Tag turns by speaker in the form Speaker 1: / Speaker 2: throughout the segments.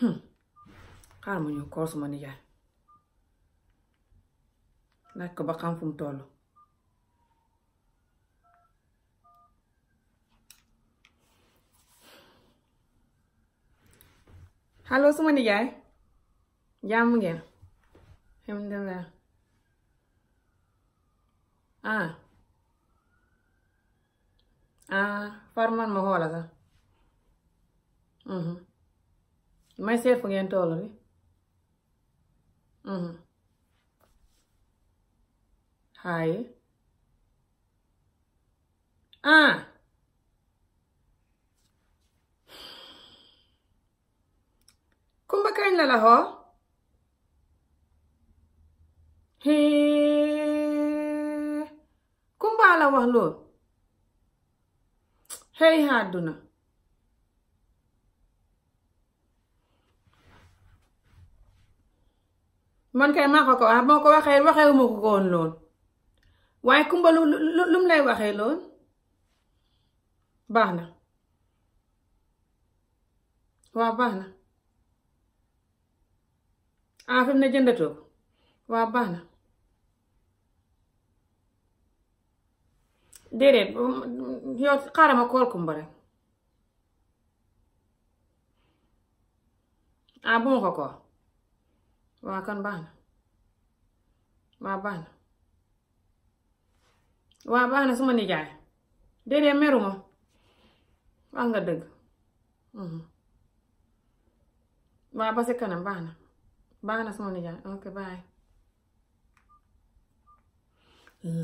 Speaker 1: Hmm. xaar ma ñu koor suma nijaay laaj ko ba xam fu mu toll allo suma nijaay jàmm ngeen alhamdulilah ah ah far man ma xoola sax hmm. may seet fu ngeen toll ni mhm. haaye ah kumba kañ la la xool kumba la wax lool xëy àdduna man kay maa ko ko wax ko waxee waxee wu ko ko woon lool waaye kumba lu lu mu lay waxee lool baax na waaw baax na ah fi mu ne jëndatoo waaw baax na déedéet yow xaaral ma kool kumba rek ah bu ma ko ko waa kan baax na waa baax na waa baax na suma nijaay déedéet meruma wax nga dëgg mhm. waa ba si kanam baax na baax na suma nijaay ok bye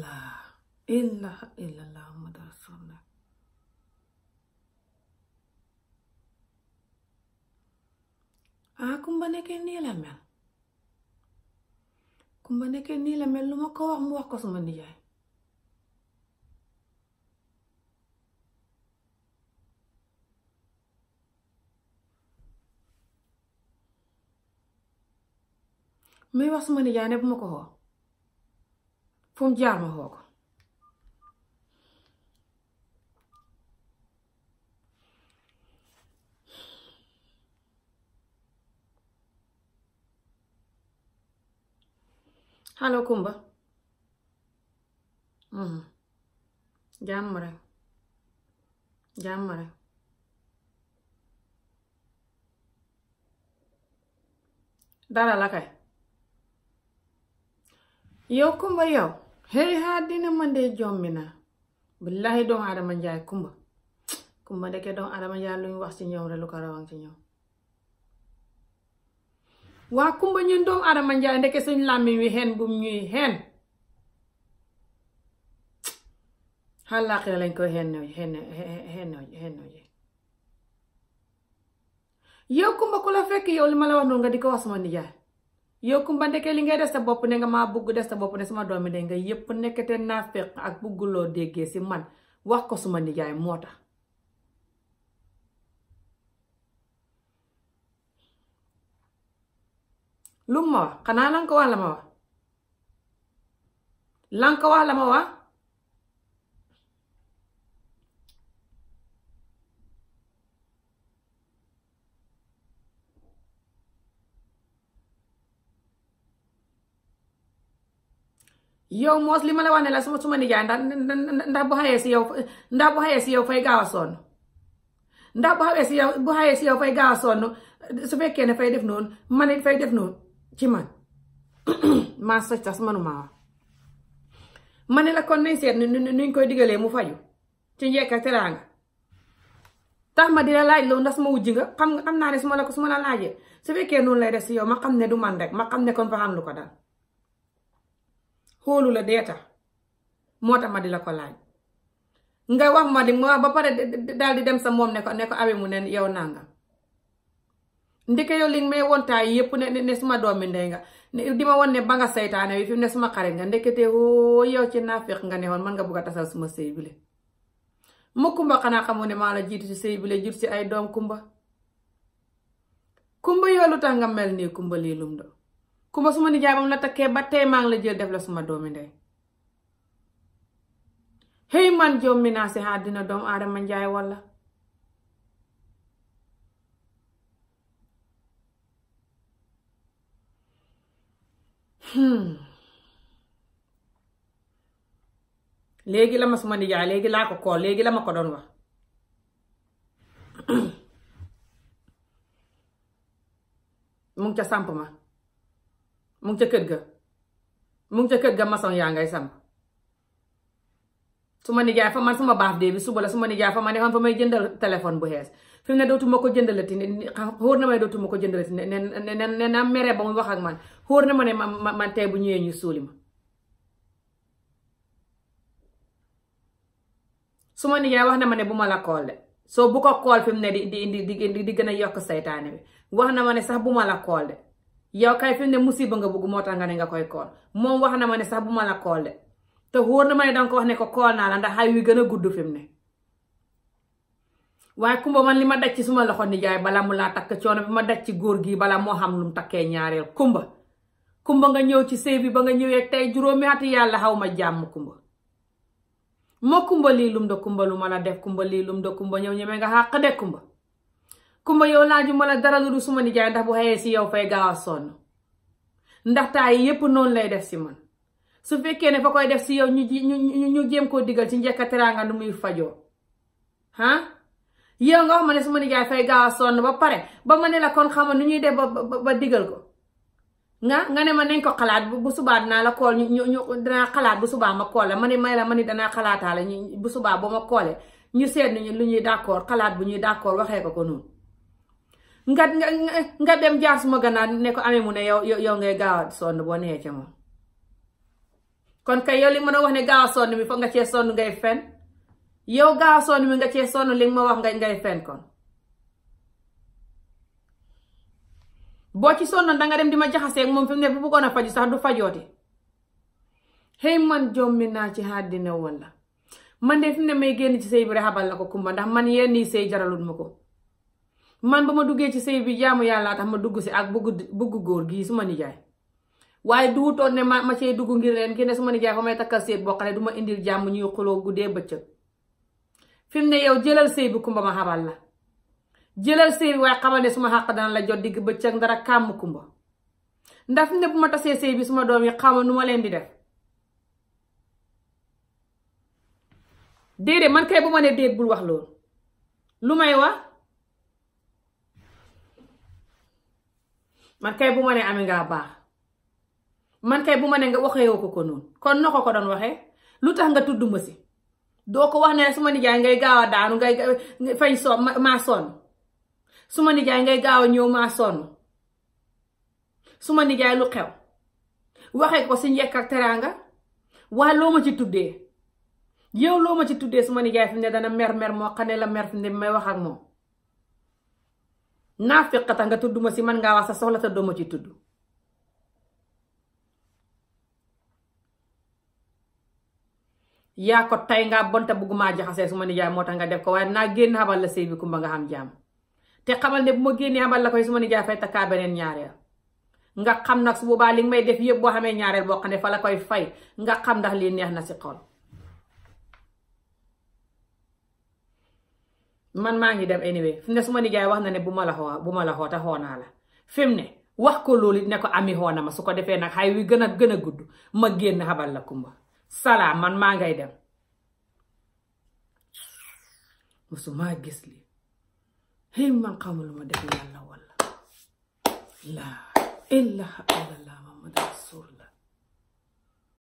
Speaker 1: laa ilaaha illallaah muhammadu rasuulullaah ah kumba nekkee nii la mel kumba nekkee nii la mel lu ma ko wax mu wax ko sama nijaay muy wax suma nijaay ne bu ma ko xoo fu mu jaar ma xoo allo Kumba mhm. jàmm rek jàmm rek dara la kay yow Kumba yow xëy xaa dina man dee jommi naa billahi doomu Adama Njaay Kumba Kumba ndeke doomu Adama Njaay lu ñu wax ci ñoom rek lu ko rawan ci ñoom waa kumba ñun doomu adama njaay ndeke suñ làmmiñ wi xen bum ñuy xen xalaaxira lañ koy xen xen yow kumba ku la fekk yow li ma la wax noonu nga di ko wax sama nijaay yow kumba ndeke li ngay def sa bopp ne nga maa bugg def sa bopp ne sama doomi de nga yépp nekkete naafeq ak bugguloo déggee si man wax ko suma nijaay moo tax lum ma wax xanaa lan ko wax la ma wax lan wax la ma wax yow moos li ma la wax ne la suma suma nijaay ndax ndax bu xawee si yow ndax bu xawee si yow fay gaaw a sonn ndax bu xawee si yow bu xawee si yow fay gaaw a sonn su fekkee ne fay def noonu ma ne fay def noonu ci man maa soj tas manumaa wax ma ne la kon nañ seet nu nuñ koy digalee mu faju ci njëkk ak teraanga tax ma di la laaj loolu ndax su ma wujj nga xam nga xam naa ne su ma la ko su ma la laajee su fekkee noonu lay def si yow ma xam ne du man rek ma xam ne kon fa xam lu ko dal xoolu la dee tax moo tax ma di la ko laaj nga wax ma di ma ba pare daal di dem sa moom ne ko ne ko awe mu ne yow nangam ndeke yow li nga may wontaay yëpp ne ne suma doomi ndey nga di ma won ne ba nga seytaane wi fi ne suma xarit nga ndekete woo yow ci naafeq nga ne woon nga bugg a tasal suma sëy bile mu kumba xanaa xamu ne maa la jiitu ci sëy bile jur ci ay doom kumba kumba yow lu tax nga mel nii kumba lii lum do kumba suma nijaay moom la takkee ba tey maa ngi la jël def la suma doomi ndey xëy man jow mi naa si aadama njaay walla Hmm. léegi la ma suma nijaay léegi laa ko kool léegi la ma ko doon wax mu ca samp ma mu ngi ca kër ga mu ngi ca kër ga maçon yaa ngay samp suma nijaay fa man suma baaf dee bi suba la suma nijaay fa ma ne xam fa may jëndal téléphone bu xees fi mu ne dootuma ko jëndalati ne xóor na ma ne dootuma ko jëndalati ne ne ne na mere ba muy wax ak man xóor na ma ne ma man tey bu ñëwee ñu suuli ma su ma nijaay wax na ma ne bu ma la soo bu ko kool ne di di di di gën a yokk saytaane bi wax na ma ne sax bu ma la kool de yow kay fi mu ne musiba nga bëgg moo tax nga ne nga koy kool moom wax na ma ne sax bu ma la kool de te xóor na ma ne danga ko wax ne ko kool naa la ndax xay wi gën a gudd fi ne waaye kumba man li ma daj ci suma loxo nijaay balaa mu laa takk coono bi ma daj ci góor gi balaa moo xam lu mu takkee ñaareel kumba kumba nga ñëw ci sëy bi ba nga ñëwee tey juróomi ati yàlla xaw ma jàmm kumba moo kumba lii lum da kumba lu ma la def kumba lii lum da kumba ñëw ñemee nga xàq de kumba kumba yow laaju ma la dara lu dul suma nijaay ndax bu xëyee si yow fay gaaw a sonn ndax taay yépp noonu lay def ci man su fekkee ne foo koy def si yow ñu ñu ñu digal ci njëkk teraanga nu yow nga ma ne suma nijaay fay gaaw a sonn ba pare ba ma ne la kon xam nu ñuy def ba ba digal ko nga nga ne ma nañ ko xalaat bu subaa dinaa la kool ñu ñu danaa xalaat bu subaa ma koole ma ne may ma ni danaa xalaataale ñu bu subaa ba ma ñu seet nañu lu ñuy d'accord xalaat bu ñuy d'accord waxee ko ko noonu nga nga nga dem jaar suma gannaaw ne ko amee mu ne yow yow ngay gaaw a sonn boo neexee ca moom kon kay yow li mën a wax ne gaaw a sonn mi foog nga cee sonn ngay fen yow gaa sonn mi nga cee sonn li nga ma wax ngay ngay fen boo ci sonnoon danga dem di ma jaxasee moom fi mu ne bu bëggoon a faju sax du fajooti xëy man jommi naa ci àddina woon la man de fi ne may génn ci sëy bi rek xabal la ko kumba ndax man yenn yi sëy jaralul ma ko man ba ma duggee ci sëy bi jaamu yàlla tax ma dugg si ak bëgg bëgg góor gii su ma nijaay waaye duutoon ne ma ma cee dugg ngir leen kii ne su ma nijaay fa may takkal seet bokkale du ma indil jàmm ñuy xuloo guddee bëccëg fi mu ne yow jëlal sëy bi kumba ma xamal la jëlal sëy bi waaye xamal ne suma xàq dana la jot digg bëccëg ndara kàmm kumba ndax ne bu ma tasee sëy bi suma doom yi xaw ma nu ma leen di def déedéet man kay bu ma ne déet bul wax loolu lu may wax man kay bu ma ne amee ngaa baax bu ma ne nga waxee woo ko ko noonu kon noo ko ko doon waxee lu tax nga tudd ma si doo ko wax su ma nijaay ngay gaaw a daanu ngay fañ so maa sonn ma nijaay ngay gaaw a ñëw maa sonn suma nijaay lu xew waxee ko si njëkk teraanga waa loo ma ci tuddee yow loo ma ci tuddee suma nijaay fi ne dana mer-mer moo xam ne la mer fi ne may wax ak moom naa fekkata nga tudd ma si man ngaa wax sa soxla sa doo ci tudd yaa ko tay ngaa bonta bëgguma jaxasee su ma nijaay moo tax nga def ko waaye naa génn xabal la sëy kumba nga xam jaam te xamal ne bu ma génnee xabal la koy su ma nijaay fay takkaa beneen ñaareel nga xam nag su boobaa li may def yëpp boo xamee ñaareel boo xam ne fa koy fay nga xam ndax neex na si xol man maa ngi dem anyway fi mu ne wax na ne bu ma la bu ma la naa la fi ne wax ko loolu ne ko ami na ma su ko defee nag xay wi gën a gën a gudd ma génn xabal la kumba salaam man maa ngay dem musuma gis li xëy man xamu ma def yàlla wala laa ilaha illallah muhammadu rasul